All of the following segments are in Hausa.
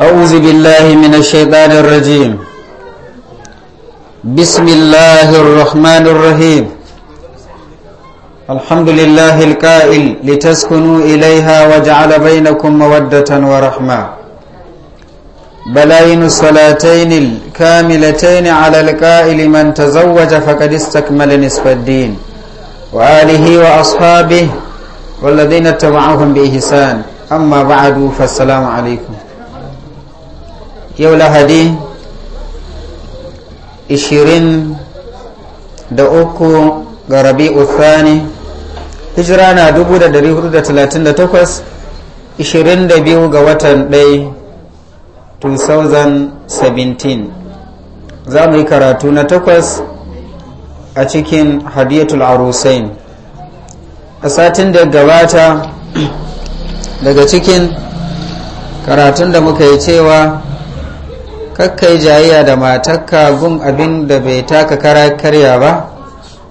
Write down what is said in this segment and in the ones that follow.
أعوذ بالله من الشيطان الرجيم بسم الله الرحمن الرحيم الحمد لله الكائل لتسكنوا إليها وجعل بينكم مودة ورحمة بلاين الصلاتين الكاملتين على الكائل من تزوج فقد استكمل نصف الدين وآله وأصحابه والذين اتبعوهم بإحسان أما بعد فالسلام عليكم yau lahadi 23 da uku ga rabi'u thani hijira na 438 22 ga watan 1 2017 za mu yi karatu na takwas a cikin hadiyatul arusain a satin da gabata daga cikin karatun da muka yi cewa kakkai jayayya da matakka gun abin da bai taka kara karya ba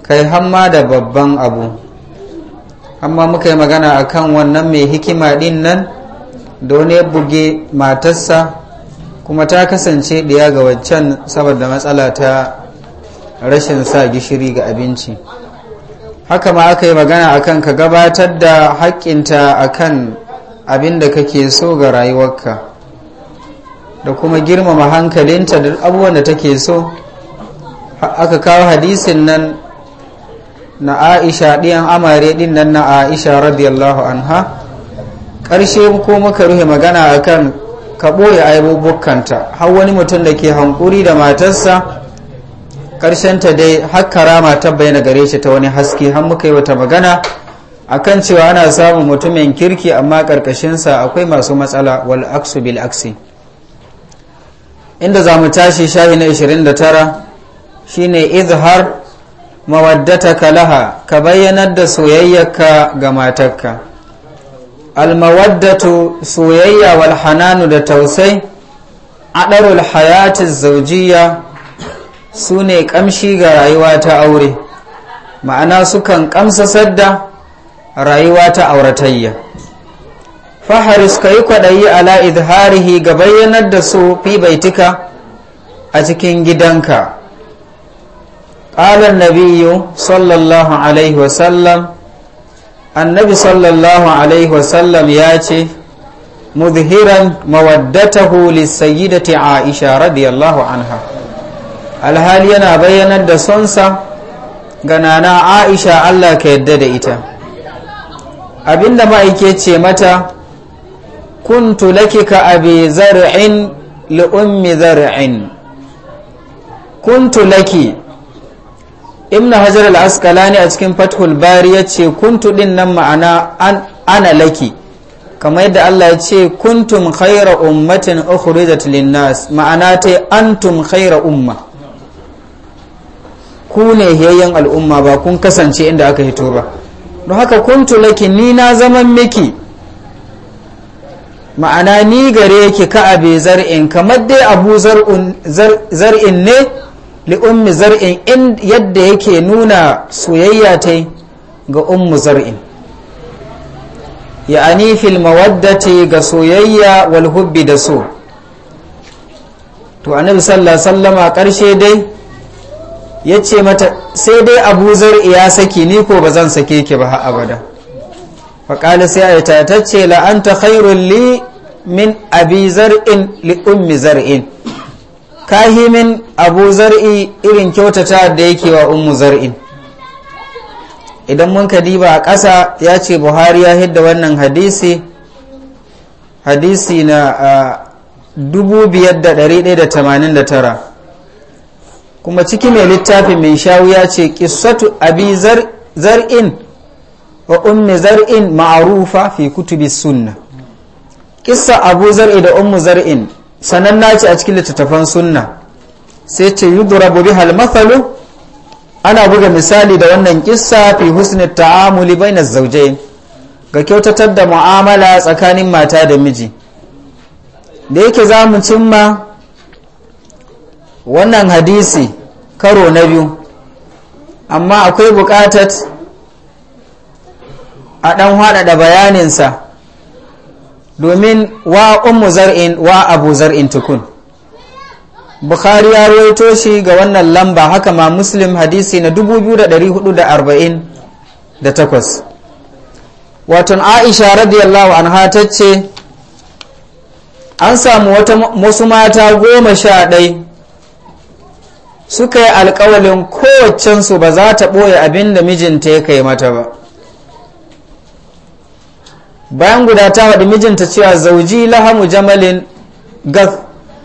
kai hamma da babban abu amma muka yi magana a kan wannan mai hikima din nan da wani ya buge matarsa kuma ta kasance ɗiya ga waccan saboda matsala ta rashin sa gishiri ga abinci haka ma aka yi magana a kan ka gabatar da haƙƙinta a kan abin da kake so ga rayuwarka da kuma girmama hankalinta da abubuwan da take so aka kawo hadisin nan na aisha ɗiyan amare ɗin nan na aisha radiyallahu anha ƙarshe ko muka ruhe magana a akan ka ɓoye bukkanta har wani mutum da ke hankuri da matarsa ta dai hakkara ta bayyana gare shi ta wani haske har muka yi wata magana a kan cewa ana samun mutumin kirki amma ƙarƙashinsa akwai masu matsala wal aksu bil aksi inda za mu tashi shahi na 29 shine izhar mawaddataka laha ka bayyanar da soyayyarka ga matarka almawaddatu soyayya wal hananu da tausai adarul hayati zaujiya su ne kamshi ga rayuwa ta aure ma'ana sukan kamsa sadda rayuwa ta auratayya faharis ka yi kwaɗayi ala izharihi ga bayyanar da su fi baitika a cikin gidanka ƙalar nabiyu sallallahu alaihi wasallam annabi sallallahu alaihi wasallam ya ce muzhiran mawaddatahu lissayyidati aisha radiyallahu anha alhali yana bayyanar da sonsa ga nana aisha allah ka yadda da ita abinda ma'aike ce mata kuntu laki ka abi zar'in li ummi zar'in kuntu laki ibn hajar al-asqalani a cikin fathul bari ce kuntu din nan ma'ana ana laki kamar yadda Allah ya ce kuntum khaira ummatin ukhrijat linnas ma'ana ta antum khaira umma ku ne hiyayyen al'umma ba kun kasance inda aka hito ba don haka kuntu laki ni na zaman miki ma'ana ni gare ki ka abe zar'in kamar dai abu zar'in ne li'ummi zar'in in yadda yake nuna soyayya ta ga ummu zar'in ya'ani fil mawaddati ga soyayya wal hubbi da so to annabi sallallahu alaihi karshe dai yace mata sai dai abu zar'i ya saki ni ko ba zan sake ki ba har abada faƙali sai a yi la'anta khairun li min abi zar'in li ummi zar'in kahimin abu zar'i irin kyautata da yake wa ummu zar'in idan mun diba a ƙasa ya ce buhari ya hidda wannan hadisi hadisi na tara kuma ciki mai littafin mai shawu ya ce kisatu abi zar'in wa ummi zar'in ma'arufa fi kutubi sunna kissa abu zar'i da umu zar'in sananna ce a cikin littattafan sunna sai ce yudrabu biha mathalu ana buga misali da wannan kissa fi husni ta'amuli bainaz zawjayn ga kyautatar da mu'amala tsakanin mata da miji da yake za mu cimma wannan hadisi karo na biyu amma akwai bukatar a ɗan haɗaɗa bayaninsa domin wa ummu zar'in wa abu zar'in tukun bukhari ya rawaito shi ga wannan lamba haka ma muslim hadisi na 2448 watan aisha radiyallahu anha ta ce an samu wata masu mata goma sha ɗai suka yi alkawalin kowaccensu ba za ta ɓoye abinda mijinta ya kai mata ba bayan guda ta faɗi mijinta cewa zauji lahamu jamalin gath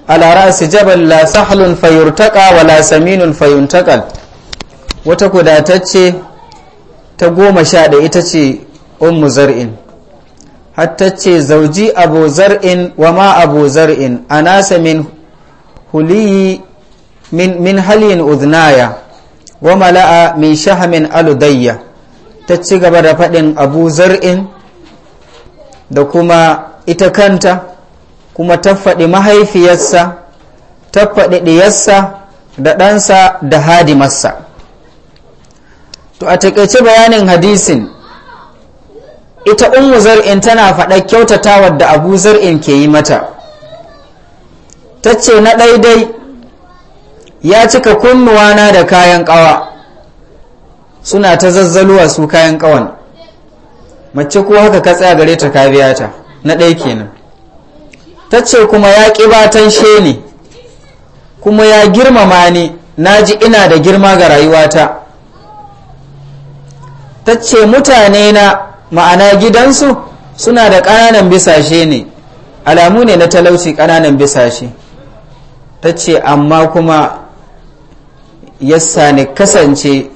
lara su jabal la sahalun fayurtaka wa la saminun fayuntakal wata kudatacce ta goma sha da ita ce ummu zar'in hatta ce zauji abu zar'in wa ma abu zar'in nasa min huliyi min, halin uznaya wa mala'a min shahamin aludayya ta ci gaba da faɗin abu zar'in da kuma ita kanta kuma ta faɗi mahaifiyarsa ta faɗi ɗiyarsa da ɗansa da hadimarsa to a taƙaice bayanin hadisin ita umu zar'in tana faɗa kyautatawar da abu zar'in ke yi mata ta ce na ɗaiɗai ya cika kunnuwana da kayan ƙawa suna ta zazzaluwa su kayan ƙawan mace ko haka ka tsaya gare ta ka biya ta na ɗaya kenan ta ce kuma ya ƙi batan she ne kuma ya girmama ni na ji ina da girma ga rayuwata ta ce mutane na ma'ana gidansu suna da ƙananan bisashe ne alamu ne na talauci ƙananan bisashe ta ce amma kuma yasa ne kasance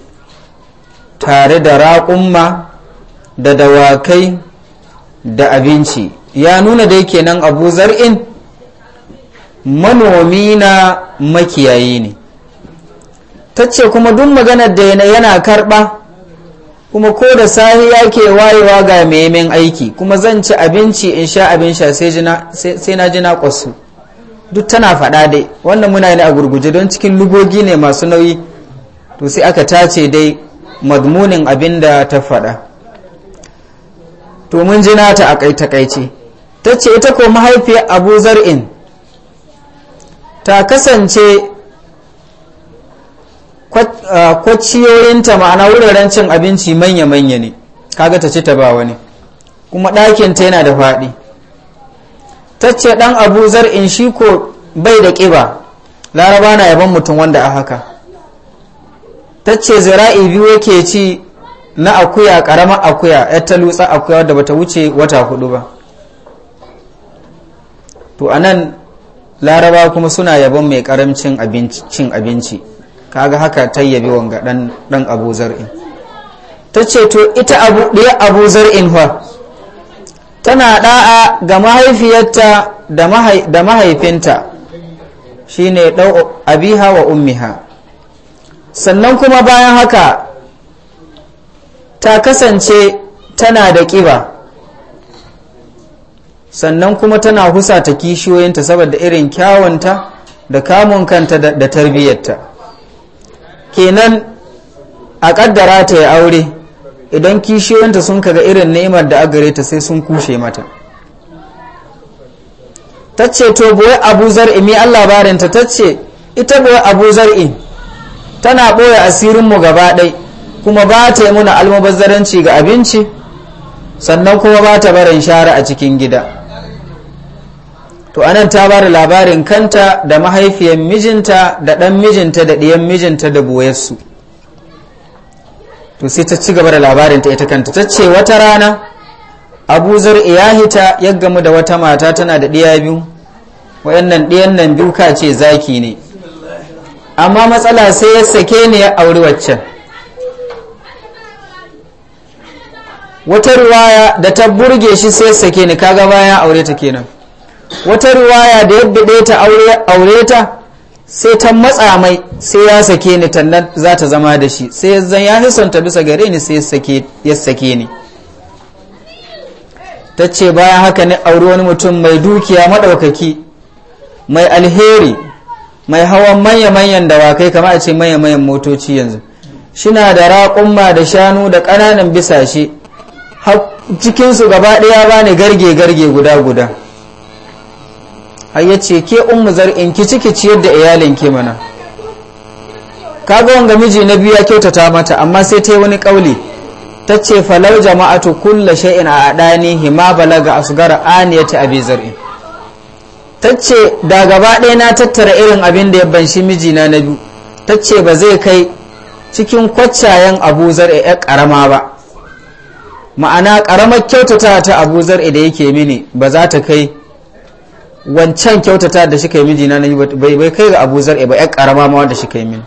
tare da raƙumma da dawakai da abinci ya nuna dai kenan abu zar'in manomi na makiyayi ne ta ce kuma duk maganar da yana karɓa kuma ko da sahi ya ke wayewa ga memen aiki kuma zan ci abinci in sha abin sha sai na ji na kwasu duk tana faɗa dai wannan muna ne a gurguje don cikin lugogi ne masu nauyi to sai aka tace dai madmunin abin da ta faɗa to mun ji nata a kai takaice ta ce ita ko mahaifiyar abu zar'in ta kasance kwaciyoyinta ma'ana wuraren cin abinci manya-manya ne kaga ta ci ta ba wani kuma ta yana da faɗi ta ce ɗan abu zar'in shi ko bai da ƙiba laraba na yaban mutum wanda a haka ta ce zira'i biyu yake ci na akuya karama akuya yar ta lutsa akuya wadda bata wuce wata hudu ba to anan laraba kuma suna yabon mai karamcin cin abinci kaga haka ta yabi wanga dan dan abu zar'in ta ce to ita abu ɗaya abu zar'in fa tana ɗa'a ga mahaifiyarta da mahaifinta shine ɗau abiha wa ummiha sannan kuma bayan haka ta kasance tana da ƙiba sannan kuma tana husata kishiyoyinta saboda irin kyawunta da kamun kanta da tarbiyyarta kenan a ƙaddara ta ya aure idan kishiyoyinta sun kaga irin ni'imar da agare ta sai sun kushe mata ta ce to boye abu zar'i mi allah barinta ta ce ita boye abu zar'i tana ɓoye asirinmu gaba ɗai kuma ba ta yi muna almubazzaranci ga abinci sannan kuma ba ta barin shara a cikin gida to anan ta bada labarin kanta da mahaifiyar mijinta da ɗan mijinta da ɗiyan mijinta da buwayarsu to sai ta ci gaba da labarinta ita kanta ta ce wata rana abu zar iyahita ya gamu da wata mata tana da ɗiya biyu waɗannan ɗiyan nan biyu ka ce zaki ne amma matsala sai ya sake ne ya auri waccan wata ruwaya da ta burge shi sai sake ni kaga baya aure ta kenan wata ruwaya da yadda ɗaya ta aure ta sai ta matsa mai sai ya sake ni tannan za ta zama da shi sai zan ya hisanta bisa gare ni sai ya sake ni ta ce bayan haka ne aure wani mutum mai dukiya maɗaukaki mai alheri mai hawan manya-manyan dawakai kama a ce manya-manyan motoci yanzu shina da raƙumma da shanu da ƙananan bisashe cikinsu gaba ɗaya ba ne garge-garge guda-guda ce ke umu zar'in ki ciki ciyar da iyalin ke mana kaga wanga miji na biyu ya kyautata mata amma sai ta yi wani ƙauli ta ce falau jama'atu kulla sha'in a adani hima balaga asgara aniyata abi zar'in ta ce da gaba ɗaya na tattara irin abin da ya banshi mijina na biyu ta ce ba zai kai cikin kwaccayen abu zar'in ya ƙarama ba ma'ana karamar kyautata ta abu zar'i da yake mini ba za ta kai wancan kyautata da shi kai mijina na yi bai kai ga abu zar ba 'yan karama ma wanda shi kai mini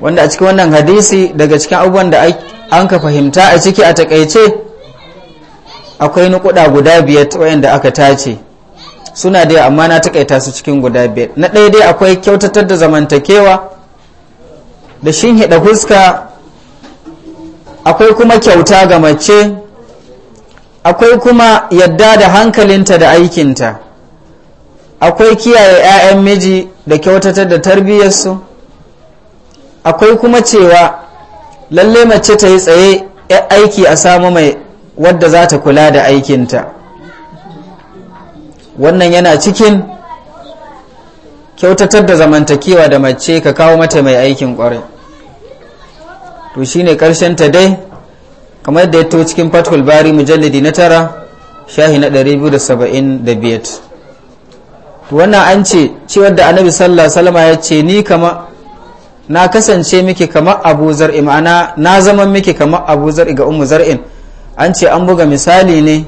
wanda a cikin wannan hadisi daga cikin abubuwan da an ka fahimta a ciki a takaice akwai nukuda guda biyar wayanda aka tace suna da amma na takaita su cikin guda biyar na ɗaya akwai kyautatar da zamantakewa da shin hida huska akwai kuma kyauta ga mace akwai kuma yadda da hankalinta da aikinta akwai kiyaye 'ya'yan miji da kyautata da tarbiyyarsu akwai kuma cewa lalle mace ta yi tsaye aiki a samu mai wadda za ta kula da aikinta wannan yana cikin kyautatar da zamantakewa da mace ka kawo mata mai aikin ƙwarai. to ne karshen ta dai kamar yadda ya to cikin fatul bari mujalladi na tara shahi na 275 to wannan an ce cewar da annabi sallallahu alaihi wasallam ya ce ni kama na kasance miki kama abu zar'i ma'ana na zama miki kama abu zar'i ga ummu zar'in an ce an buga misali ne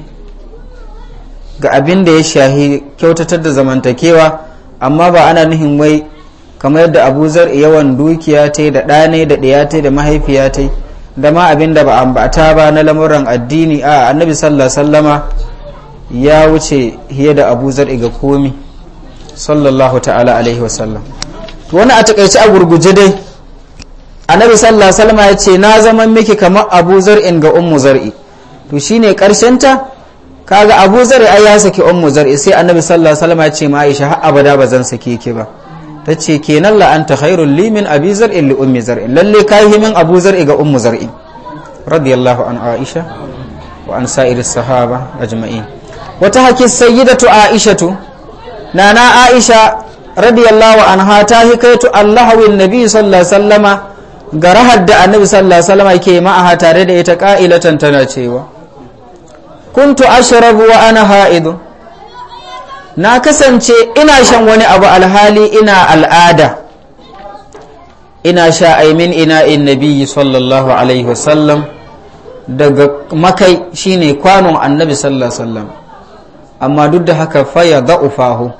ga abin da ya shahi kyautatar da zamantakewa amma ba ana nuhin wai kamar yadda abu zar yawan dukiya ta da ɗane da ɗaya ta da mahaifiya ta da ma abin da ba ambata ba na lamuran addini a annabi sallallahu sallama ya wuce hiye da abu zar ga komi sallallahu ta'ala alaihi wasallam wani a takaice a gurguje dai annabi sallallahu sallama ya ce na zaman miki kamar abu in ga ummu zar'i to shine karshenta kaga abu zar'i ai ya saki ummu zar'i sai annabi sallallahu sallama ya ce ma aisha har abada ba zan sake ki ba ta ce kenan la'anta khairul limin abi zar'in li ummi zar'in lalle kai himin abu zar'i ga ummu zar'i radiyallahu an aisha wa an sa'ir sahaba ajma'in wata hakin sayyidatu tu nana aisha radiyallahu anha ta hikaitu wa nabi sallallahu alaihi wasallama ga rahad da annabi sallallahu alaihi wasallama ke ma'a tare da ita qailatan tana cewa kuntu ashrabu wa ana ha'idu na kasance ina shan wani abu alhali ina al'ada ina sha aimin ina in nabi sallallahu alaihi wasallam daga makai shine kwanon annabi sallallahu alaihi wasallam amma duk da haka faya ufahu?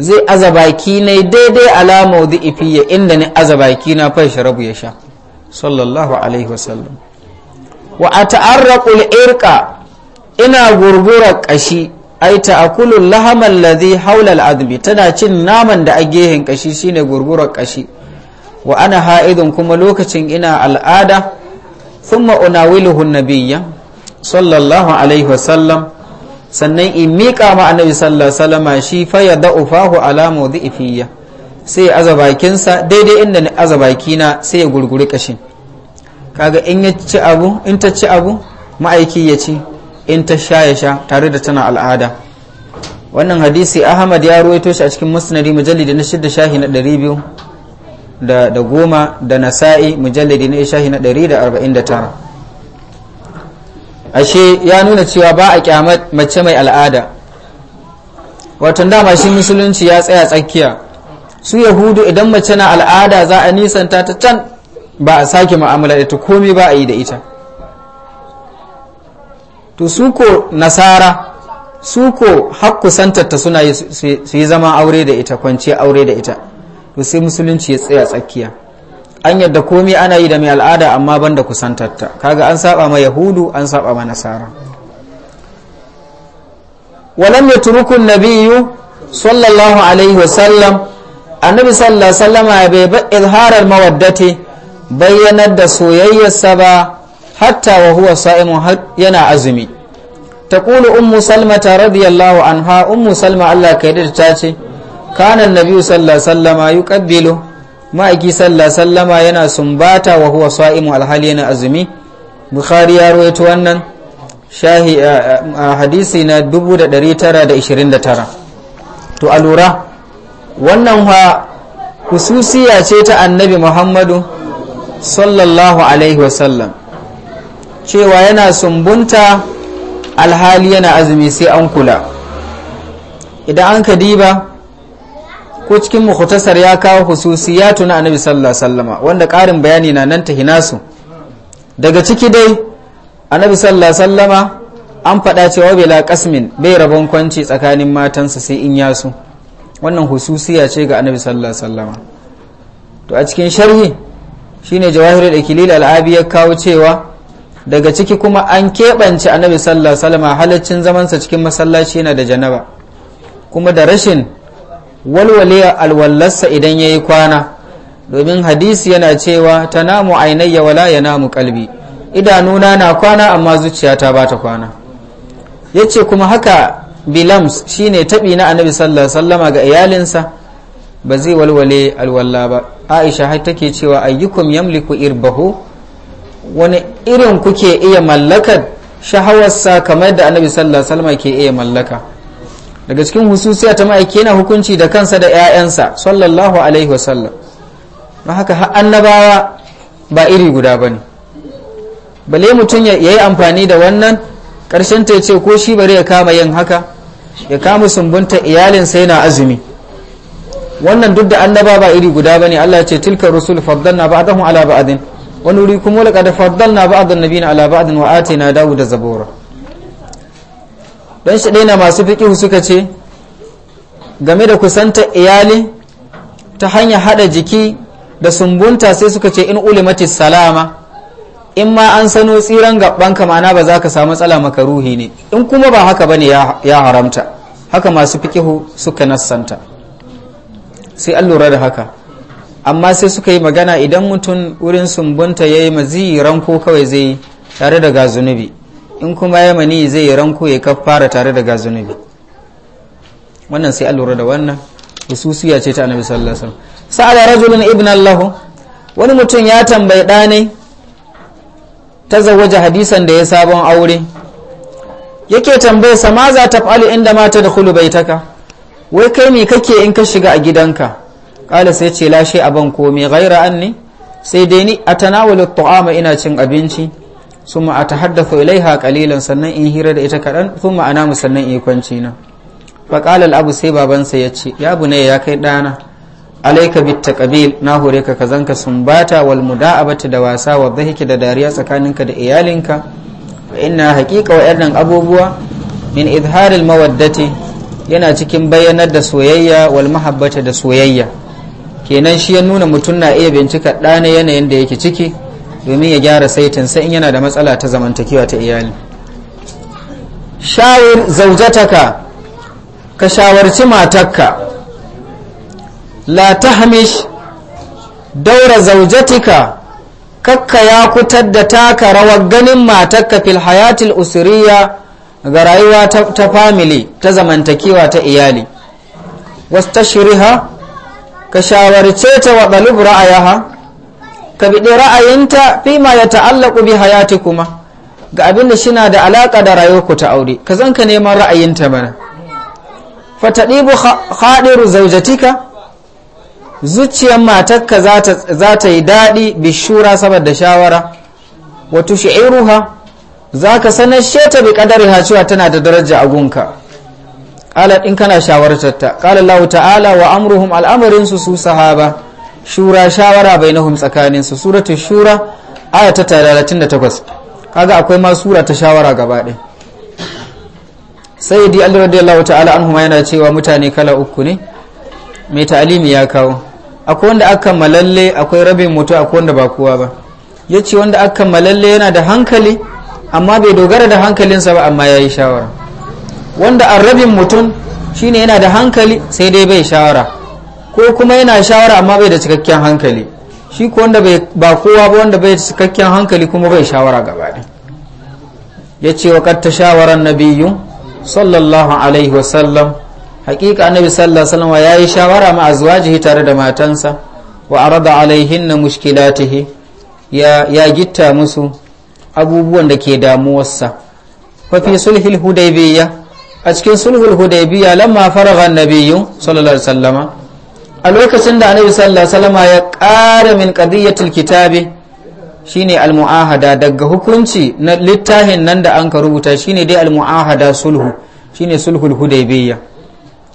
zai azabaki ne daidai alama da ifiya inda ni azabaki na fai sharabu ya sha sallallahu alaihi wasallam wa a ta'arraƙul irka ina gurgura ƙashi ai akulun Lahaman ladhi haula al'adbi tana cin naman da a gehen kashi shine gurguran kashi wa ana ha'idun kuma lokacin ina al'ada thumma unawiluhu nabiyya sallallahu alaihi wasallam sannan in miƙa ma annabi sallallahu alaihi wasallam shi fa ya da'ufahu ala mawdi'ifiyya sai ya aza bakinsa daidai inda ni aza bakina sai ya gurguri kashin kaga in ya ci abu in ta ci abu ma'aiki ya ci in ta sha ya sha tare da tana al'ada wannan hadisi ahmad ya ruwaito shi a cikin musnadi mujallidi na shidda shahi na ɗari biyu da goma da nasa'i mujallidi na shahi na ɗari da arba'in da tara ashe ya nuna cewa ba a kyamar mace mai al'ada watan dama shi musulunci ya tsaya tsakiya su yahudu idan mace na al'ada za a nisanta ta can ba a sake mu'amala da ta komai ba a yi da ita to su ko nasara su ko hakkusantarta suna su yi zama aure da ita kwanciya aure da ita to sai musulunci ya tsaya tsakiya an yadda komai ana yi da mai al'ada amma ban da kusantarta kaga an saba ma yahudu an saba ma nasara walam ya turukun nabiyu sallallahu alaihi wasallam annabi sallallahu alaihi wasallama bai ba izharar mawaddati bayyanar da soyayyarsa ba hatta wa huwa sa'imun yana azumi taqulu ummu salma ta radiyallahu anha ummu salma Allah ka yarda ta ce kana annabi sallallahu alaihi wasallama yuqabbilu ma'aiki sallallahu alaihi wasallama yana sumbata wa huwa sa'imun alhali yana azumi bukhari ya rawaito wannan shahi a hadisi na 1929 to alura wannan ha hususiya ce ta annabi muhammadu sallallahu alaihi wasallam cewa yana sumbunta alhali yana azumi sai an kula idan an ka diba ko cikin mukhtasar ya kawo hususiyatu na annabi sallallahu alaihi wanda karin bayani na nan tahinasu daga ciki dai annabi sallallahu alaihi sallama an faɗa cewa bela kasmin bai rabon kwanci tsakanin matansa sai in yasu wannan hususiya ce ga annabi sallallahu alaihi to a cikin sharhi shine jawahirul ikilil ya kawo cewa daga ciki kuma an keɓance annabi sallallahu alaihi wasallam halaccin zamansa cikin masallaci na da janaba kuma da rashin walwale alwallarsa idan ya yi kwana domin hadisi yana cewa ta namu ainayya wala ya namu kalbi idanuna na kwana amma zuciyata ba ta kwana ya ce kuma haka bilams shine taɓi na annabi sallallahu wasallama ga iyalinsa ba zai walwale alwalla ba aisha har take cewa ayyukum yamliku irbahu wani irin kuke iya mallakar shahawarsa kamar da annabi sallallahu alaihi wasallam ke iya mallaka daga cikin hususiya ta ma'aiki yana hukunci da kansa da 'ya'yansa sallallahu alaihi wasallam don haka annabawa ba iri guda ba bale mutum ya yi amfani da wannan ƙarshen ta ce ko shi bari ya kama yin haka ya kama sumbunta sai na azumi wannan duk da annaba ba iri guda ba ne allah ce tilka rusul faddalna ba'dahum ala ba'din wani wuri kuma wala kada faddalna ba'dan na ala ba'din wa atina da zabura dan shi na masu fiqh suka ce game da kusanta iyali ta hanya hada jiki da sumbunta sai suka ce in ulimati salama in ma an sano tsiran gaɓan ka ma'ana ba za ka samu matsala ruhi ne in kuma ba haka bane ya haramta haka masu fiqh suka nassanta sai an lura da haka amma sai suka yi magana idan mutum wurin sumbunta ya yi maziyi ranko kawai zai yi tare da gazunubi in kuma ya mani zai yi ranko ya kafara tare da gazunubi wannan sai lura da wannan suya ce ta annabi sallallahu alaihi wasallam sa'ala rajulun ibn allahu wani mutum ya tambayi ɗa ne tazawwaja hadisan da ya sabon aure yake tambaye sa ma za ta fa'alu inda mata da bai baitaka wai kai me kake in ka shiga a gidanka kala sai ce lashe a aban komai ghaira ne sai dai ni a tanawalu ta'ama ina cin abinci ma a tahaddathu ilaiha kalilan sannan in hira da ita kaɗan a ana sannan in kwanci na fa abu sai babansa ya ce ya ne ya kai ɗana alaika bitta taqabil na hore ka kazanka bata wal bata da wasa wa dhahiki da dariya tsakaninka da iyalinka wa inna haƙiƙa wa yadan abubuwa min izharil mawaddati yana cikin bayyanar da soyayya wal mahabbata da soyayya kenan shi ya nuna mutum na iya bincika ɗa yanayin da yake ciki domin ya gyara saitin sai in yana da matsala ta zamantakewa ta iyali shawar zaujataka ka shawarci matakka la hamish daura zaujatika kakka ya kutar da taka rawar ganin matakka fil hayatil usuriya ga rayuwa ta family ta zamantakewa ta iyali wasu wastashriha ka shawarce ta wa ɗalib ra'ayaha ka biɗe ra'ayinta fi ma ya ta'allaku bi hayati kuma ga abin da shi da alaƙa da rayuwarku ta aure ka zan ka neman ra'ayinta mana fataɗibu haɗiru zaujatika zuciyar matarka za ta yi daɗi bishura saboda shawara wato shi'iruha za ka sanar sheta bi ƙadari cewa tana da daraja a gunka ala in kana shawartar ta qala Allahu ta'ala wa amruhum al'amarin su su sahaba shura shawara bainahum tsakanin su suratu shura aya ta 38 kaga akwai ma sura ta shawara gaba ɗaya sai di radiyallahu ta'ala anhu yana cewa mutane kala uku ne mai ta'alimi ya kawo akwai wanda aka malalle akwai rabin mutu akwai wanda ba kowa ba ya wanda aka malalle yana da hankali amma bai dogara da hankalinsa ba amma yayi shawara wanda a rabin mutum shine yana da hankali sai dai bai shawara ko kuma yana shawara amma bai da cikakken hankali shi ko wanda ba kowa ba wanda bai da cikakken hankali kuma bai shawara gaba ya ce wa shawarar nabiyu sallallahu alaihi wasallam hakika annabi sallallahu alaihi wasallam ya yi shawara ma azwajihi tare da matansa wa arada alaihinna mushkilatihi ya ya gitta musu abubuwan da ke damuwarsa fa fi sulhil a cikin sulhul hudaybiya lamma faragha annabiyyu sallallahu alaihi wasallam a lokacin da annabi sallallahu alaihi wasallam ya ƙara min qadiyatul kitabi shine almu'ahada daga hukunci na littafin nan da an ka rubuta shine dai almu'ahada sulhu shine sulhul hudaybiya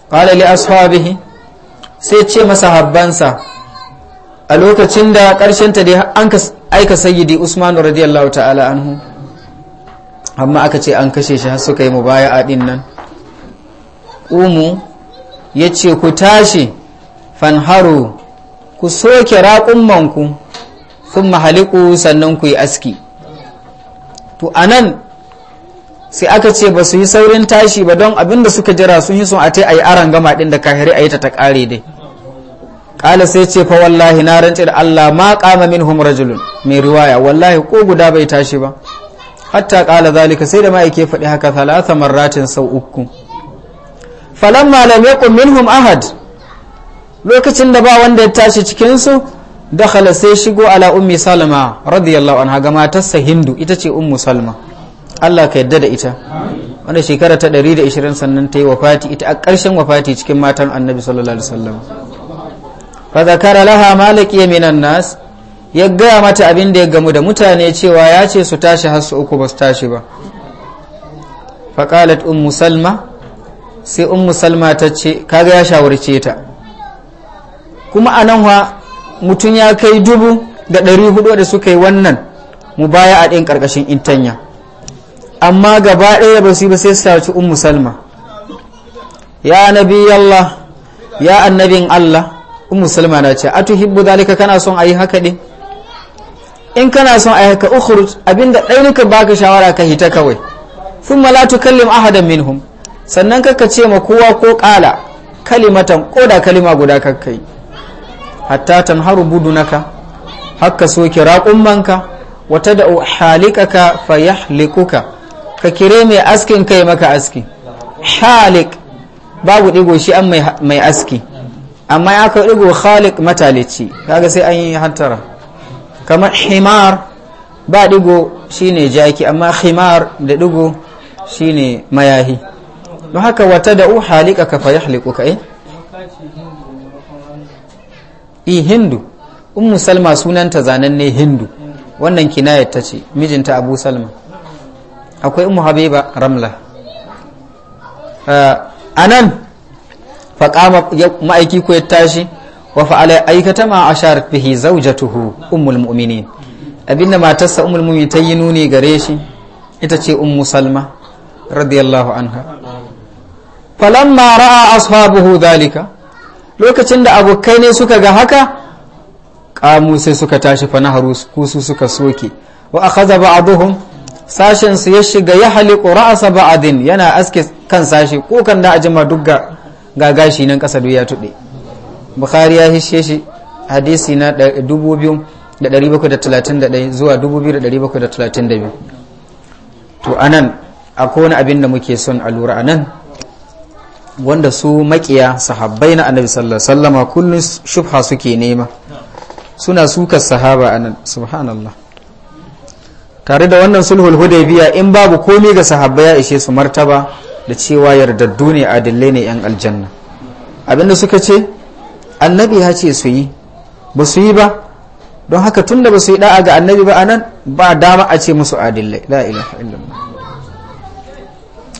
qala li ashabihi sai ce masa habbansa a lokacin da karshen ta dai an ka aika sayyidi usman radiyallahu ta'ala anhu amma aka ce an kashe shi har suka yi mubaya'a din nan ƙumu ya ce ku tashi fanharu ku soke raƙumanku sun mahaliku sannan ku yi aski to a nan sai aka ce ba su yi saurin tashi ba don abinda suka jira sun yi sun a tai yi aran gama ɗin da kahiri a yi ta ta ƙare dai ƙala sai ce fa wallahi na rance da Allah ma ƙama min hum rajulun mai riwaya wallahi ko guda bai tashi ba hatta ƙala zalika sai da ma'aike faɗi haka talata marratin sau uku malam ya kun minhum ahad lokacin da ba wanda ya tashi cikinsu dakhala sai shigo ala ummi salama radiyallahu anha ga matarsa hindu ita ce ummu salma Allah ka yadda da ita wanda shekara ta 120 sannan ta yi wafati ita a ƙarshen wafati cikin matan annabi sallallahu alaihi wasallam fa zakara laha malaki minan nas ya gaya mata abin da ya gamu da mutane cewa ya ce su tashi har uku ba su tashi ba faqalat ummu salma sai ummu salma ta ce kaga ya shawarce ta kuma a nan wa mutum ya kai dubu da ɗari hudu da suka yi wannan mu baya a ɗin ƙarƙashin intanya amma gaba ɗaya ba su yi ba sai saci ummu salma ya nabi Allah ya annabin Allah ummu salma na ce a hibbu zalika kana son a yi haka ɗin in kana son a yi haka ukhruj abinda ɗainuka baka shawara ka hita kawai thumma tukallim ahadan minhum sannan kaka ce ma kowa ko kala kalimatan ko da kalima guda kakka yi hatta budu naka hakka soke manka wata da halikaka fa likuka ka kire mai askin kai maka aski halik babu digo shi an mai aski amma ya ka digo halik matalici kaga sai an yi hantara kamar himar ba digo shine jaki amma himar da digo shine mayahi don haka wata da u halika ka fayi halikuka eh hindu ummu musalma sunanta zananne hindu wannan kinayar ta ce mijinta abu salma akwai ummu habiba ramla a ah, nan faƙama ma'aiki ko ya tashi wa fa'ala aikata ma ashar fihi zaujatuhu ummul mu'minin abinda matarsa ummul mu'minin ta yi nuni gare shi ita ce ummu salma radiyallahu anha falamma ra'a ashabuhu dhalika lokacin da abokai ne suka ga haka qamu sai suka tashi fa naharu su suka soke wa akhadha ba'dhum sashin su ya shiga ya haliku ra'asa ba'din yana aske kan sashi kokan da ajima duk ga gashi nan kasa ya tuɗe bukhari ya hishe shi hadisi na 2731 zuwa 2732 to anan akwai wani abin da muke son a lura anan wanda su makiya sahabbai na annabi sallallahu alaihi wasallama kullun shubha suke nema suna sukar sahaba anan subhanallah tare da wannan sulhul hudaybiya in babu komai ga sahabbai ya ishe su martaba da cewa yardaddu ne adillai ne yan aljanna abinda suka ce annabi ya ce su yi ba su yi ba don haka tunda ba su yi da'a ga annabi ba anan ba dama a ce musu adillai la ilaha illallah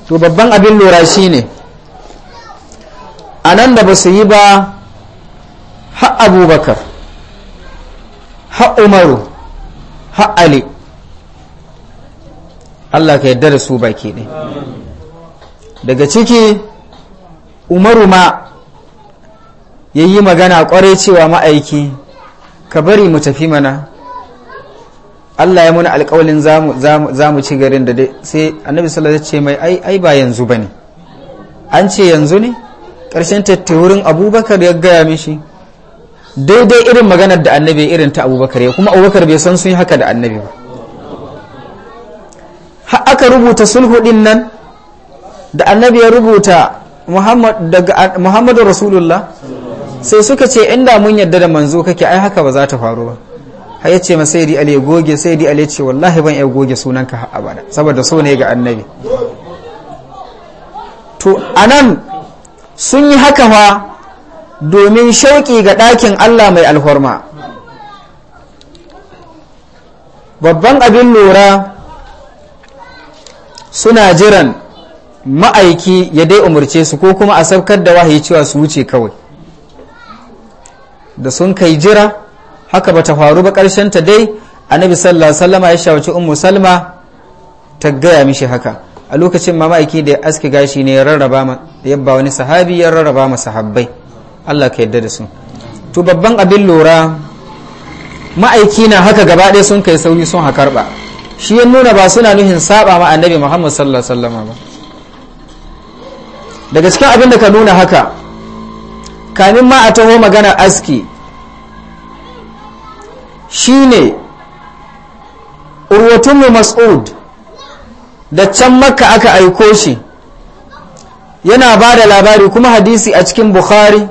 to babban abin lura shine ne a nan da ba su yi ba ha abubakar ha umaru ha ali Allah ka yarda da su baki ne daga ciki umaru ma ya yi magana kwarai cewa ma'aiki ka bari mu tafi mana Allah ya muna alƙawalin za mu ci garin da sai annabi sallallahu ce mai ai ba yanzu ba ne. an ce yanzu ne ƙarshen ta wurin abubakar ya gaya mishi daidai irin maganar da annabi irin ta abubakar ya kuma abubakar bai san sun yi haka da annabi ba Ha aka rubuta sulhu din nan da annabi ya rubuta muhammadu rasulullah sai suka ce inda mun yadda da manzo kake ai haka ba za ta faru ba Ha ya ce masa yadi goge sai yadi ce wallahi ban iya goge sunanka har abada saboda so ne ga annabi to anan sun yi haka fa domin shauƙi ga ɗakin Allah mai alhorma babban abin lura suna jiran ma'aiki ya dai umarce su ko kuma a saukar da wahayi cewa su wuce kawai da sun kai jira haka ba ta faru ba ƙarshen ta dai annabi sallallahu alaihi wasallama ya shawarci ummu salma ta gaya mishi haka a lokacin ma ma'aiki da aske gashi ne ya rarraba ma yabba wani sahabi ya rarraba ma sahabbai Allah ka yadda da su to babban abin lura ma'aiki na haka gaba ɗaya sun kai sauri sun ba shi ya nuna ba suna nuhin saba ma annabi Muhammad sallallahu alaihi wasallam ba daga cikin abin da ka nuna haka kamin ma a taho magana aski shine urwatunmu mas'ud da can makka aka aiko shi yana ba da labari kuma hadisi a cikin bukhari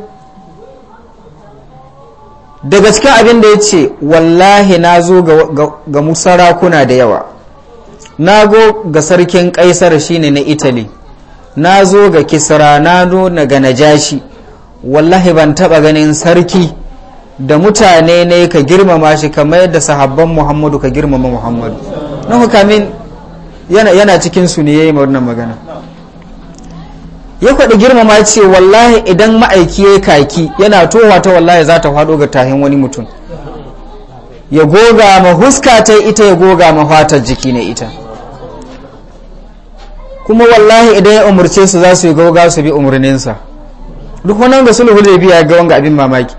daga cikin abin da ya ce wallahi na zo ga musarakuna da yawa na go ga sarkin kaisar shine na italy na zo ga kisra na nuna ga najashi wallahi ban taba ganin sarki da mutane ne ka girmama shi kamar yadda sahabban muhammadu ka girmama muhammadu na hukamin yana cikin su ne yayi wannan magana ya faɗi girmama ce wallahi idan ma'aiki ya kaki yana towa ta wallahi za ta faɗo ga tahin wani mutum ya goga ma huska ta ita ya goga ma fatar jiki na ita kuma wallahi idan ya umarce su za su yi goga su bi umarninsa duk wannan da sulhu da biya ga wanga abin mamaki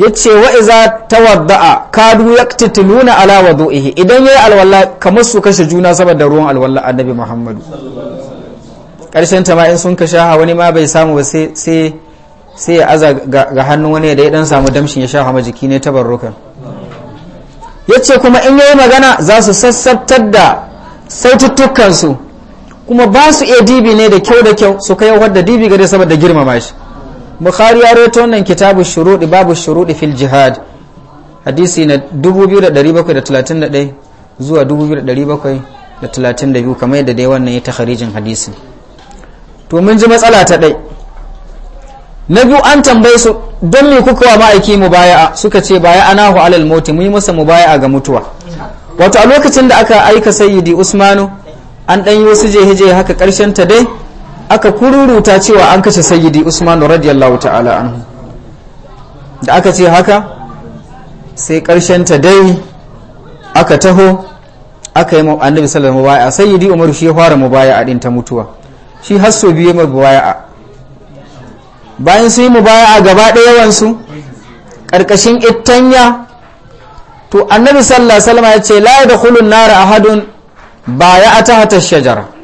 yace wa iza tawadda'a kadu yaktitiluna ala wudu'ihi idan yayi alwala kamar su kashe juna saboda ruwan alwala annabi Muhammadu karshen ta ma in sun kashe ha wani ma bai samu ba sai ya aza ga hannun wani da ya dan samu damshin ya sha hama jiki ne ta barrukan. yace kuma in yi magana za su sassattar da saututtukansu kuma ba su iya dibi ne da kyau da kyau su kai wadda dibi gare saboda girmama shi bukhari ya rawaito wannan kitabu shuruɗi babu shuruɗi fil jihad hadisi na 2731 zuwa 2732 kamar yadda dai wannan ya takharijin hadisi to mun ji matsala ta ɗai na biyu an tambaye su don me kuka wa ma'aiki mu suka ce baya hu alal moti mu yi masa mu ga mutuwa wato a lokacin da aka aika sayyidi usmanu an ɗan yi wasu jehe haka ƙarshen ta dai aka kururuta cewa an kashe sayyidi usman radiyallahu ta'ala anhu da aka ce haka sai karshen ta dai aka taho aka yi annabi sallallahu mubaya sayyidi umaru shi ya fara mubaya din ta mutuwa shi hasso biye mai mubaya bayan su yi mubaya gaba ɗaya yawansu ƙarƙashin ittanya to annabi sallallahu alaihi wasallam ya ce la yadkhulun nara ahadun baya'ata hatta shajara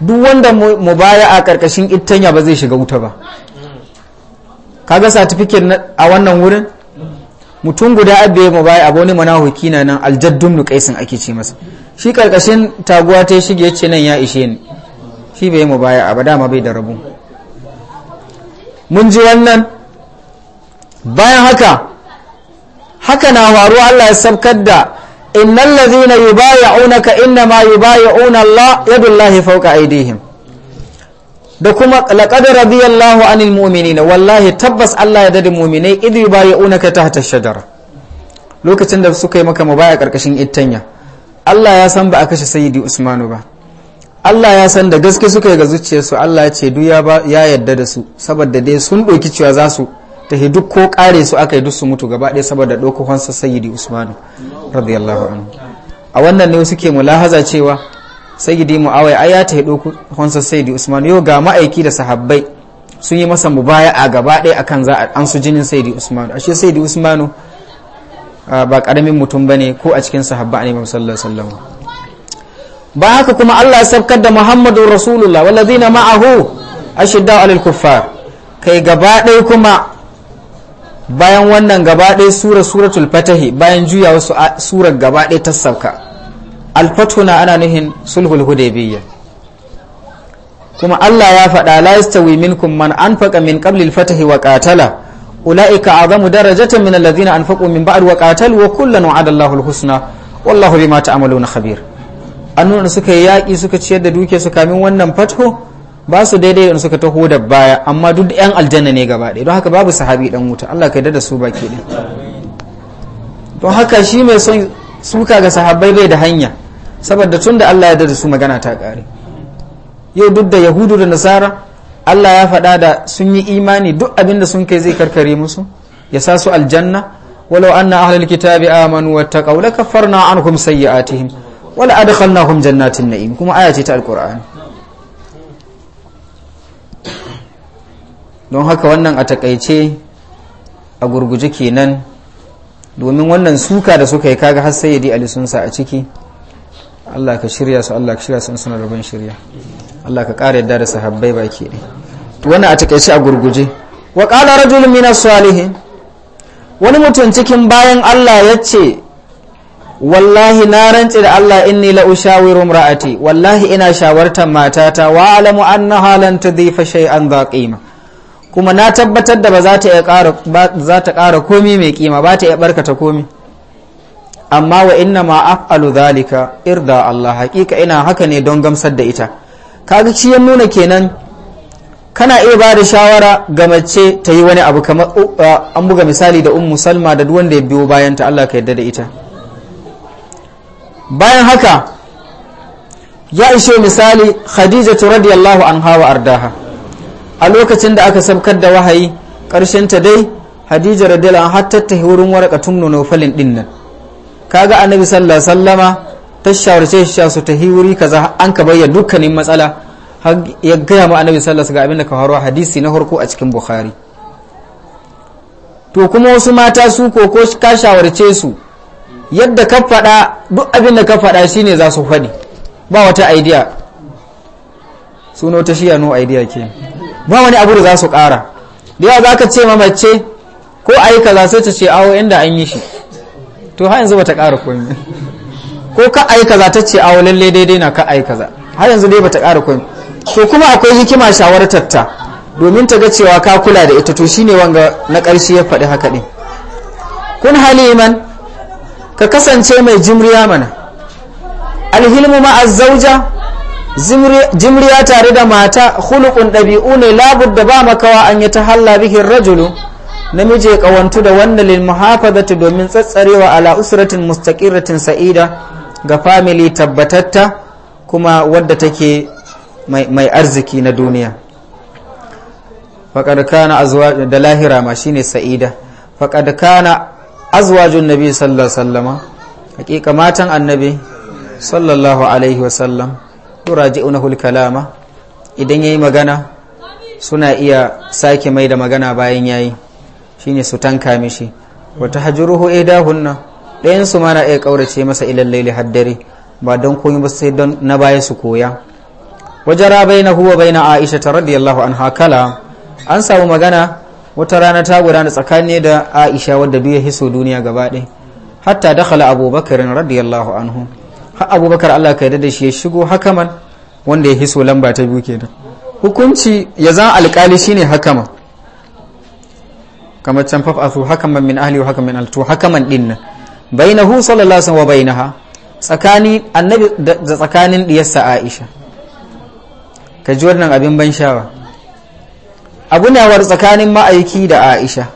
duk wanda mu baya a karkashin itanya ba zai shiga wuta ba kaga satifiket a wannan wurin mutum guda abe mu baya abu wani manahuki na nan aljaddun nukaisin ake ce masa shi karkashin taguwa ta shige ce nan ya ishe ni shi bai mu baya ba dama bai da rabu mun ji wannan bayan haka haka na faruwa Allah ya sabkar da إن الذين يبايعونك إنما يبايعون الله يد الله فوق أيديهم da kuma laqad radiyallahu anil mu'minina wallahi tabbas Allah ya dade mu'minai idh yubayi'unaka tahta shajara lokacin da suka yi maka mubaya karkashin ittanya Allah ya san ba a kashe sayyidi Usmanu ba Allah ya san da gaske suka yi ga zuciyarsu Allah ya ce duk ya yarda da su saboda dai sun doki cewa za su ta duk ko kare su aka yi duk su mutu gaba ɗaya saboda ɗaukokonsa sayyidi usmanu radiyallahu anhu a wannan ne suke mulahaza cewa sayyidi mu'awai ai ya ta ɗaukokonsa sayyidi usmanu yau ga ma'aiki da sahabbai sun yi masa mubaya a gaba ɗaya akan za a an su jinin sayyidi usmanu ashe sayyidi usmanu ba karamin mutum bane ko a cikin sahabba ne sallallahu alaihi ba haka kuma Allah ya sabkar da Muhammadu Rasulullah wallazina ma'ahu ashidda alal kuffar kai gaba ɗaya kuma bayan wannan gaba ɗaya sura suratul fatahi bayan juya wasu sura gaba ɗaya ta sauka alfatuna ana nuhin sulhul hudaybiyya kuma Allah ya faɗa la yastawi minkum man anfaqa min qabli al-fatahi wa qatala ulaika azamu darajatan min alladhina anfaqu min ba'd wa qatalu wa kullan wa'ada Allahu al-husna wallahu bima ta'maluna khabir annuna suka yi yaƙi suka ciyar da duke su kamin wannan fatho ba su daidai da suka taho da baya amma duk yan aljanna ne gaba ɗaya don haka babu sahabi dan wuta Allah ka da su baki ɗin don haka shi mai son suka ga sahabbai bai da hanya saboda tun da Allah ya da su magana ta ƙare yau duk da yahudu da nasara Allah ya faɗa da sun yi imani duk abin da sun kai zai karkare musu ya sa su aljanna walau anna ahlul kitabi amanu wattaqaw lakaffarna anhum sayyi'atihim wala adkhalnahum jannatin na'im kuma aya ce ta alqur'ani don haka wannan a takaice a gurguje kenan domin wannan suka da suka yi kaga har sayyidi ali sun sa a ciki Allah ka shirya su Allah ka shirya su suna rabon shirya Allah ka ƙara yadda da sahabbai baki ne to wannan a takaice a gurguje wa qala rajulun min salihin wani mutum cikin bayan Allah ya ce wallahi na rantse da Allah inni la ushawiru imra'ati wallahi ina shawartar matata wa alamu annaha lan tadhifa shay'an dha qima kuma na tabbatar da ba za ta ƙara komi mai kima ba ta iya barkata komi amma wa inna ma af'alu zalika irda Allah hakika ina haka ne don gamsar da ita kaga shi ya nuna kenan kana iya ba da shawara ga mace ta yi wani abu kamar uh, uh, an buga misali da ummu salma da duk wanda ya biyo bayan ta Allah ka yarda da ita bayan haka ya ishe misali khadijatu radiyallahu an wa ardaha a lokacin da aka sabkar da wahayi karshen ta dai da dila har ta tafi wurin warqatun nunufalin din nan kaga annabi sallallahu alaihi wasallama ta shawarce shi su tafi wuri kaza an ka bayyana dukkanin matsala ya gaya ma annabi sallallahu ga abin da ka faru hadisi na harko a cikin bukhari to kuma wasu mata su ko ko ka shawarce su yadda ka faɗa duk abin da ka faɗa shine za su faɗi ba wata idea suno ta shiya no idea ke ba wani abu da za su ƙara da yau za ka ce mamace ko a yi kaza sai ta ce awo inda an yi shi to ha yanzu ba ta ƙara komi ko ka a yi kaza ta ce awo lalle daidai na ka a yi kaza ha yanzu dai ba ta ƙara komi to kuma akwai hikima shawartar ta domin ta ga cewa ka kula da ita to shine wanga na ƙarshe ya faɗi haka ɗin kun haliman ka kasance mai jimriya mana alhilmu ma'azzauja jimriya tare da mata hulukun ɗabi'u ne labudda ba makawa an yi ta halla bikin rajulu namiji ya kawantu da wannan lil domin tsatsarewa a usratin mustaqiratin sa'ida ga famili tabbatatta kuma wadda take mai arziki na duniya faƙad kana da lahira ma shine sa'ida faƙad kana azwajun nabi sallallahu alaihi matan annabi sallallahu alaihi wasallam yuraji'unahu al-kalama idan yayi magana suna iya sake mai da magana bayan yayi shine su tanka mishi wa tahjuruhu idahunna ɗayan su mana iya kaurace masa ilal laili haddare ba don koyi ba sai don na baya su koya wajara bainahu huwa baina Aisha ta radiyallahu anha kala an samu magana wata rana ta gudana tsakani da Aisha wadda duk ya hiso duniya gaba ɗaya hatta dakhala abubakar radiyallahu anhu har abubakar allah ka yarda da shi ya shigo hakaman wanda ya hiso lamba ta biyu kenan hukunci ya za alƙali shine hakama kamar can su hakaman min ahli wa hakaman altu hakaman din nan bainahu sallallahu alaihi wasallam wa bainaha tsakani annabi da tsakanin diyarsa aisha ka ji wannan abin ban shawa abu ne war tsakanin ma'aiki da aisha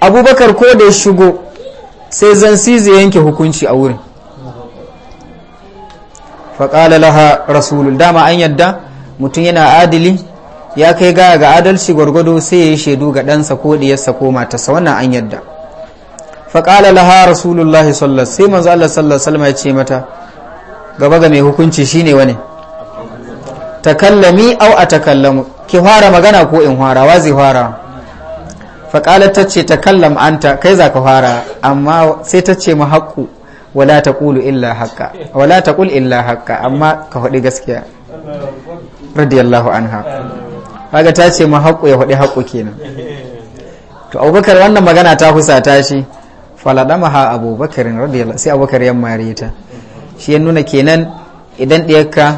abubakar ko da shigo sai zan size yanke hukunci a wurin faƙala laha rasulul dama an yadda mutum yana adili ya kai gaya ga adalci gwargwado sai ya yi shaidu ga ɗansa ko ɗiyarsa ko matarsa wannan an yadda faƙala laha lahi sallar sai manzo Allah sallar salma ya ce mata gaba ga mai hukunci shine wani takallami au a takallamu ki fara magana ko in fara wa zai fara faƙala ta ce takallam anta kai za ka fara amma sai ta ce mu haƙƙu wala taqulu illa wala taqul illa haka amma ka faɗi gaskiya radiyallahu anha kaga ta ce ma haƙƙo ya faɗi haƙƙo kenan to abubakar wannan magana ta husata shi ha abubakar radiyallahu sai abubakar ya mare ta shi ya nuna kenan idan ɗiyarka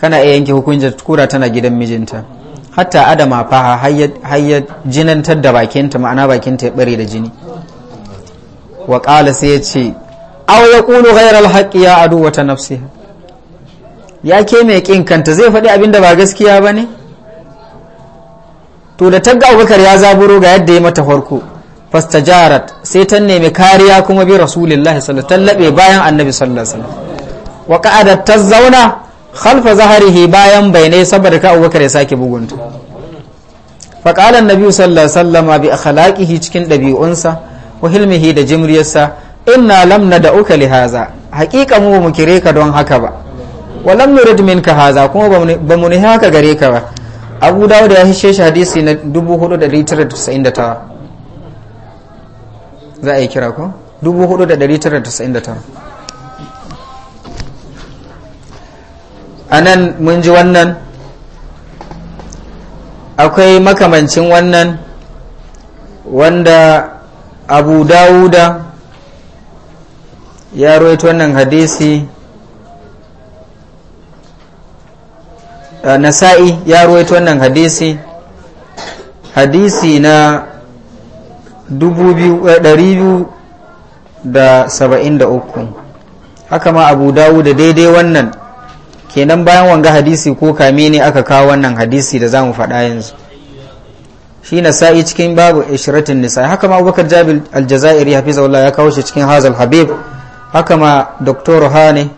kana iya yanke hukuncin kura tana gidan mijinta hatta adama faha hayyar jinantar da bakinta ma'ana bakinta ya bare da jini wa sai ya ce aw yaqulu ghayra al-haqqi ya adu wa nafsi. ya ke mai kin kanta zai faɗi abin da ba gaskiya bane to da tagga Abubakar ya zaburo ga yadda ya mata farko fastajarat sai ta nemi kariya kuma bi rasulillahi sallallahu tallabe bayan annabi sallallahu alaihi wasallam wa qa'adat khalfa zahrihi bayan bayanai saboda ka Abubakar ya sake bugunta fa qala annabi sallallahu alaihi wasallam bi akhlaqihi cikin dabi'unsa wa hilmihi da jimriyarsa inna lam da li haza hakika mu mu kire ka don haka ba wa lam nurid minka haza kuma ba mu nihi haka gare ka ba Abu Dawud ya hishe shi hadisi na 4999 za a yi kira ko 4999 anan mun ji wannan akwai makamancin wannan wanda abu dawuda ya wannan hadisi ah, nasa'i ya rawaito wannan hadisi hadisi na 273 eh, haka ma abu dawo da daidai wannan kenan bayan wanga hadisi ko kame ne aka kawo wannan hadisi da za mu faɗa yanzu shi na sa'i cikin babu ishiratin nisa haka ma abubakar jabil aljazairi hafiz ya kawo shi cikin hazal habib haka ma dr rohani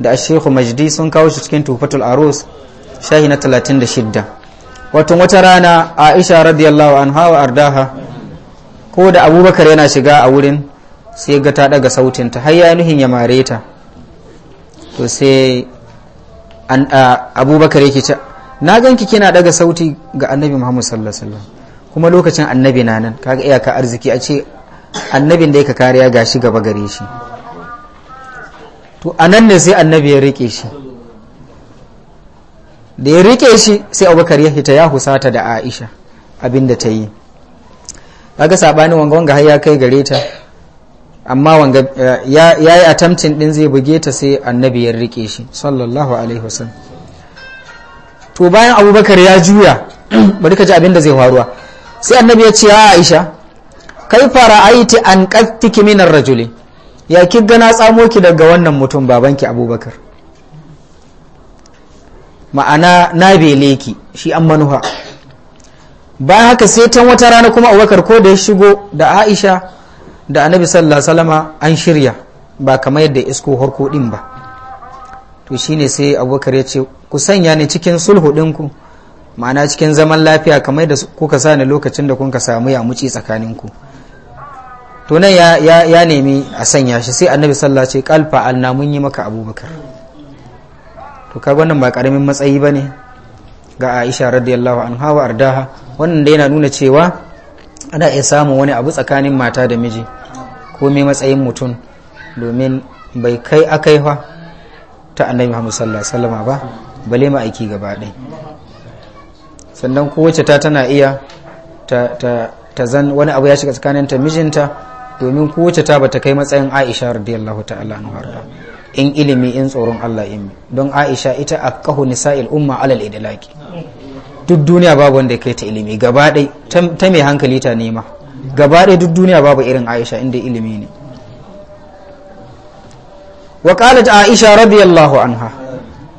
da ashehu majdi sun kawo shi cikin tufatul arus shahi na 36 wato wata rana aisha radiyallahu hawa hawa ardaha ko da abubakar yana shiga a wurin sai ga ta daga sautinta har ya nuhin ya mare ta to sai abubakar yake ci na ganki kina daga sauti ga annabi muhammad sallallahu alaihi wasallam kuma lokacin annabi na nan kaga iyaka arziki a ce annabin da yake kariya gashi gaba gare shi to a nan ne sai annabi ya rike shi da ya rike shi sai abubakar ya hita ya husata da aisha abinda ta yi kaga sabani wanga wanga har ya kai gare ta amma wanga eh, ya yi attempting din zai buge ta sai annabi ya rike shi sallallahu alaihi wasallam to bayan abubakar ya juya bari ka ji abinda zai faruwa sai annabi ya ce ya aisha kai fara aiti an kattiki minar rajuli ya ki gana tsamo ki daga wannan mutum babanki abubakar ma'ana na bele ki shi an manuha ba haka sai tan wata rana kuma abubakar ko da ya shigo da aisha da annabi sallallahu salama an shirya ba kamar yadda isko harko din ba to shine sai abubakar ya ce ku sanya ni cikin sulhu ku ma'ana cikin zaman lafiya kamar da kuka sa ni lokacin da kuka samu ya yamuci tsakaninku to nan ya nemi a sanya shi sai annabi sallah ce kalfa alna mun yi maka abubakar to kaga wannan ba karamin matsayi ba ga aisha radiyallahu anha wa ardaha wannan da yana nuna cewa ana iya samun wani abu tsakanin mata da miji ko mai matsayin mutum domin bai kai akai fa ta annabi muhammad sallallahu alaihi wasallama ba bale ma aiki gaba ɗaya sannan kowace ta tana iya ta zan wani abu ya shiga tsakanin ta mijinta domin kowace ta bata kai matsayin aisha radiyallahu ta'ala anha in ilimi in tsoron Allah in don aisha ita a kahu nisa'il umma alal idlaki duk duniya babu wanda kai ta ilimi gaba ta mai hankali ta nema gaba duk duniya babu irin aisha inda ilimi ne wa qalat aisha radiyallahu anha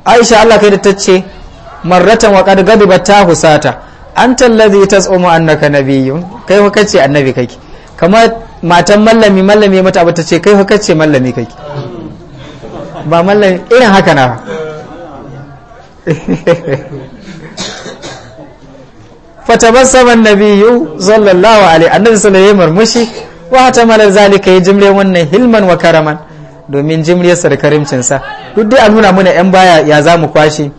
aisha Allah kai da tace marratan wa qad ba ta husata anta allazi tas'umu annaka nabiyyun kai fa kace annabi kake kamar matan mallami mallami mata abu ta ce kai haka ce mallami kai ba mallami irin haka na na biyu sallallahu alaihi annabi sallallahu alaihi murmushi wa malar zalika yi jimre wannan hilman wa karaman domin jimriyarsa da karimcinsa duk dai an nuna mana yan baya ya za mu kwashe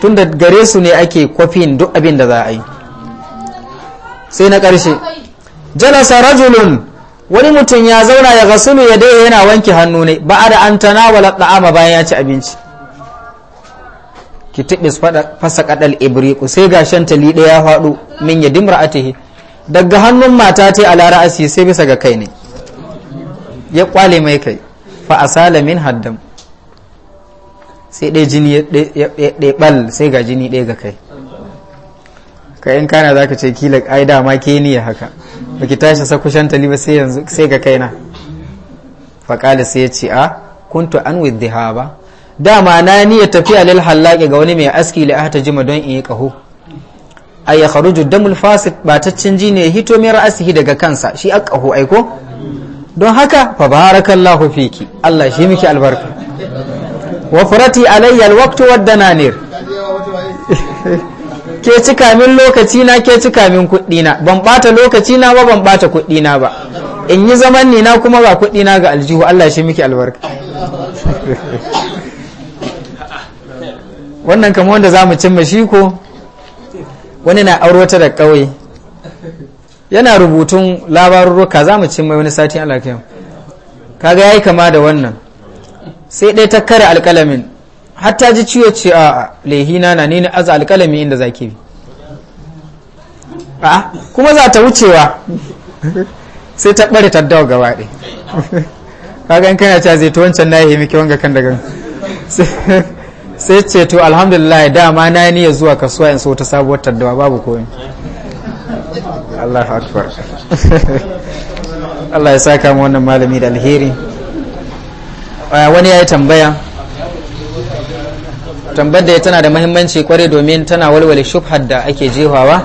tun da gare su ne ake kwafin duk abin da za a yi sai na ƙarshe jalasa rajulun wani mutum ya zauna ya gasulu ya dai yana wanke hannu ne ba da an tanawala da'ama bayan ya ci abinci ki tibis fasa kadal ibriku sai ga shantali ɗaya ya faɗo min ya dimra atihi daga hannun mata ta ala ra'asi sai bisa ga kai ne ya kwale mai kai fa asala min haddam sai dai jini ya ɗaya bal sai ga jini ɗaya ga kai ka in kana za ka ce kila ai dama ke ni haka ba ki tashi sa kushen ba sai yanzu sai ga kaina faƙali sai ya ce a ah, kuntu an wadda ba dama na ya tafiya lil hallaki ga wani mai aski li jima don in yi kaho ay ya mulfasi damul fasid bataccen ji ya hito mai ra'asihi daga kansa shi a kaho aiko don haka fa barakallahu fiki Allah shi miki albarka wa furati alayya alwaqtu na dananir ke cika min lokaci na ke cika min kuɗi na ban bata lokaci na ba ban ɓata kuɗi na ba in yi zaman ni na kuma ba kuɗi na ga aljihu Allah shi miki albarka wannan kamar wanda za mu cimma shi ko wani na aurota da ƙauye yana rubutun labarurruka za mu cimma wani sati Allah kaga yayi kama da wannan sai ɗaya ta kare alƙalamin hatta ji ciwo ce a lehina na ne na aza alƙalami inda za bi a kuma za ta wucewa sai ta ɓare taddawa gaba ɗaya kaga in kana ta zai to wancan na yi miki wanga kan daga sai ce to alhamdulillah dama na niyya zuwa kasuwa in so ta sabuwar taddawa babu komai Allah akbar Allah ya saka mu wannan malami da alheri wani ya yi tambaya tambar da tana da mahimmanci kware domin tana walwale shubhar da ake jefawa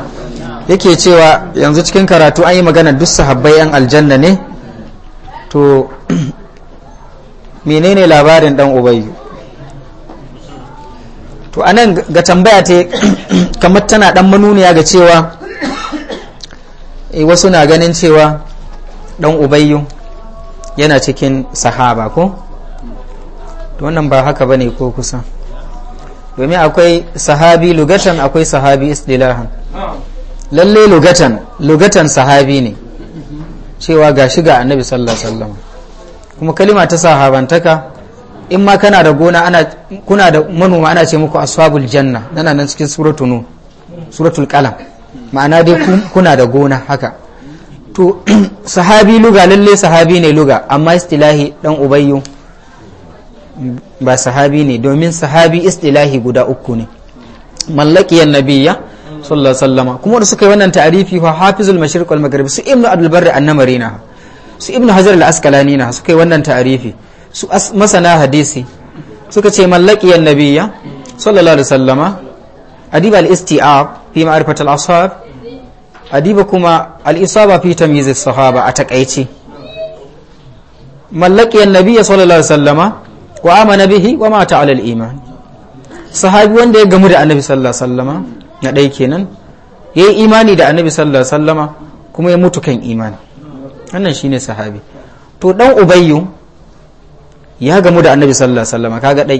yake cewa yanzu cikin karatu an yi magana duk sahabbai yan aljanna ne to menene labarin dan ubayyu to anan ga tambaya ta kamar tana dan manuniya ga cewa eh, wasu na ganin cewa dan ubayyu yana cikin sahaba ko to wannan ba haka bane ko kusa domin akwai sahabi lugatan akwai sahabi istilahan lalle lugatan lugatan sahabi ne cewa ga shiga annabi sallallahu alaihi wasallam kuma kalima ta sahabantaka in ma kana da gona ana kuna da manoma ana ce muku ashabul janna nana nan cikin suratul nun suratul qalam ma'ana dai kuna da gona haka to sahabi luga lalle sahabi ne luga amma istilahi dan ubayyu ba sahabi ne domin sahabi istilahi guda uku ne mallakiyar nabiya sallallahu alaihi wasallam kuma da suka yi wannan ta'arifi fa hafizul mashriq wal maghrib su ibnu abdul barri annamari na su ibnu hajar al asqalani na suka yi wannan ta'arifi su masana hadisi suka ce mallakiyar nabiya sallallahu alaihi wasallama adib al isti'ab fi ma'rifat al ashab adiba kuma al isaba fi tamyiz as sahaba a takaice mallakiyar nabiya sallallahu alaihi wasallama wa amana bihi wa mata alal iman sahabi wanda ya gamu da annabi sallallahu alaihi wasallama na dai kenan ya yi imani da annabi sallallahu alaihi wasallama kuma ya mutu kan imani wannan shine sahabi to dan ubayyu ya gamu da annabi sallallahu alaihi wasallama kaga dai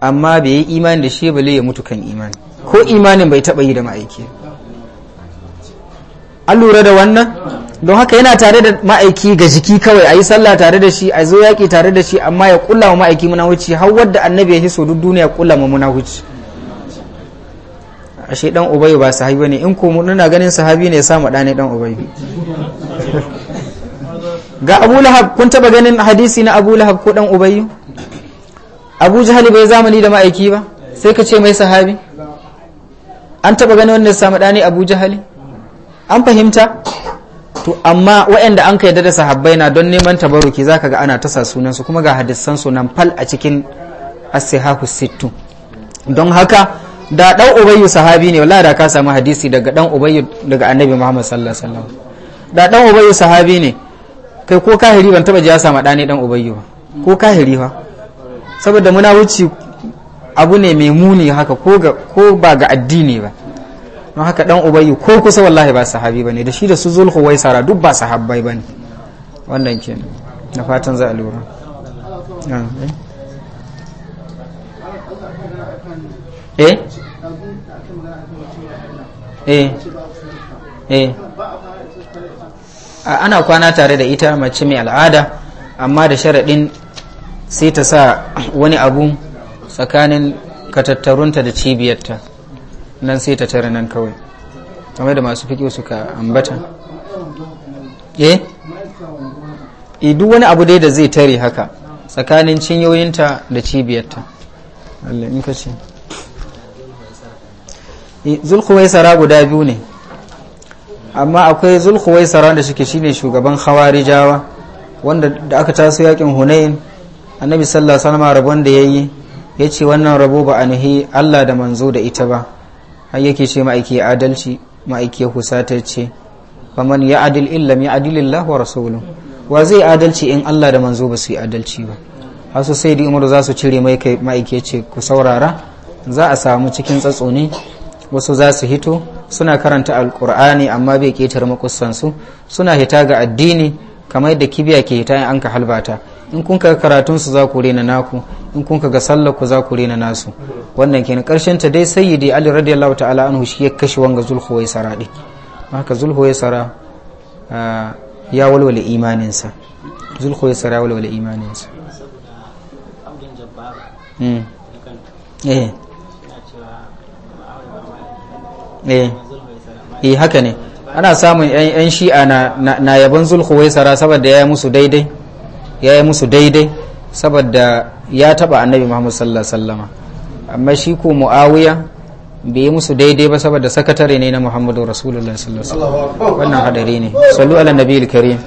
amma bai yi imani da shi bale ya mutu kan imani ko imanin bai taba yi da ma'aikiyar. an lura da wannan don haka yana tare da ma'aiki ga jiki kawai a yi sallah tare da shi a zo yaƙi tare da shi amma ya ƙulla wa ma'aiki muna wuce har wadda annabi ya hiso duk duniya ƙulla ma a ashe dan ubayi ba sahabi ba ne in ko muna ganin sahabi ne ya samu da ne dan ubayi ga abu lahab kun taba ganin hadisi na abu lahab ko dan ubayi abu jahali bai zamani da ma'aiki ba sai ka ce mai sahabi an taba ganin wanda ya samu da ne abu jahali an fahimta to amma waɗanda an ka yarda da sahabbai na don neman tabaruki zaka ga ana tasa sunan su kuma ga hadisan su nan fal a cikin as-sihahu sittu don haka da dan ubayyu sahabi ne wallahi da ka samu hadisi daga dan ubayyu daga annabi Muhammad sallallahu alaihi wasallam da dan ubayyu sahabi ne kai ko kahiri ban taba ji ya samu dane dan ubayyu ba ko kahiri fa saboda muna wuce abu ne mai muni haka ko ba ga addini ba don haka dan ubayyu ko kusa wallahi ba sahabi bane da shi da su zulhu wai sara duk ba sahabbai bane wannan ke na fatan za a lura eh. Eh? Eh. ana kwana tare da ita mace mai al'ada amma da sharaɗin sai ta sa wani abu tsakanin katattarunta da cibiyarta nan sai ta tare nan kawai kamar da masu fiƙi suka ambata eh e, duk wani abu dai da zai tare haka tsakanin cinyoyinta da cibiyarta Allah in ka ce e, guda biyu ne amma akwai zulkuwaisara da suke shine shugaban hawarijawa wanda da aka taso yakin hunain annabi sallallahu alaihi wasallam rabon da yayi yace wannan rabo ba a nuhi Allah da manzo da ita ba har yake ce ma'aiki adalci ma'aiki husatacce man ya adil illam ya Allah wa rasulun wa zai adalci in Allah da manzo ba su yi adalci ba hasu sai da umaru za su cire kai ma'aiki ce ku saurara za a samu cikin tsatsuni wasu za su hito suna karanta alkur'ani amma bai ketar makusansu suna hita ga addini kamar yadda kibiya ke hita in an ka halbata in kun ka karatun su za ku rena naku in kun ga sallar ku za ku rena nasu wannan kenan karshen ta dai sayyidi ali radiyallahu ta'ala anhu shi ya kashe wanga zulhu wai sara din haka zulhu wai sara ah, ya walwala imanin sa zulhu wai sara walwala imanin sa hmm. eh eh eh haka ne ana samun 'yan shi'a na yabon zulhu wai sara saboda ya yi musu daidai ya yi musu daidai saboda ya taba annabi muhammad sallallahu sallama amma shi ko mu'awiya bai yi musu daidai ba saboda sakatare ne na muhammadu rasulullah sallallahu alaihi wasallam wannan hadari ne sallu ala nabi karim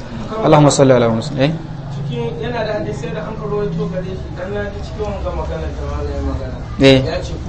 allahumma salli ala muhammad eh cikin yana da hadisi da an karo gare shi dan na cikin wannan magana da magana eh ya ce